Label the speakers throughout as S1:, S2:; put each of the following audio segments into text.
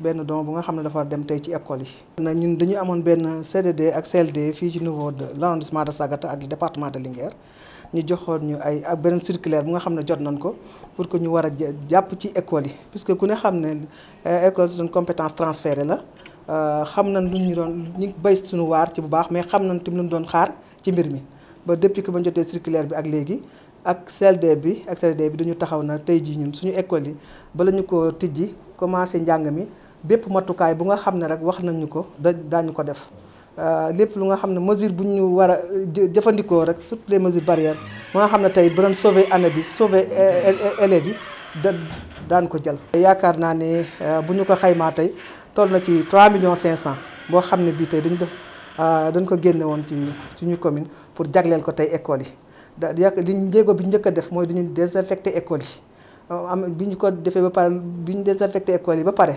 S1: benn don bu nga xam ne dafa dem tey ci école yi. na ñu dañu amoon benn CDD ak CLD fii ci niveau de l' arrondissement de Sagata ak le département de Linguère ñu joxoon ñu ay ak beneen circulaire bu nga xam ne jot nañ ko pour que ñu war a jàpp ci école yi. parce que ku ne xam ne euh, école suñu compétence transférée la euh, xam na lu ñu doon ñu bay suñu waar ci bu baax mais xam na tamit lu ñu doon xaar ci mbir mi ba depuis que ba ñu jotee circulaire bi ak léegi. ak CLD bi ak bi dañu taxaw na tey jii ñun suñu école yi bala ñu ko tijji commencé njàng mi bépp matukaay bu nga xam ne rek wax nañu ko da daañu ko def euh, lépp lu nga xam ne mesure bu ñu war a jëfandikoo rek surtout de mesures barrières bu nga xam ne tey dinañ sauver année bi sauver élèves yi da daan ko jël. yaakaar naa ne euh, bu ñu ko xaymaa tey toll na ci 3 millions 500 boo xam ne bii tey dañu def euh, dañ ko génne woon ci suñu commune pour jagleel ko tey école yi da yàq li njéego bi njëkk a def mooy dañu désinfecté école yi am bi ñu ko defee ba pare bi ñu désinfecté école yi ba pare.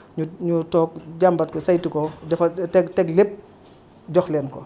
S1: ñu ñu toog jàmbat ko saytu ko dafa teg teg lépp jox leen ko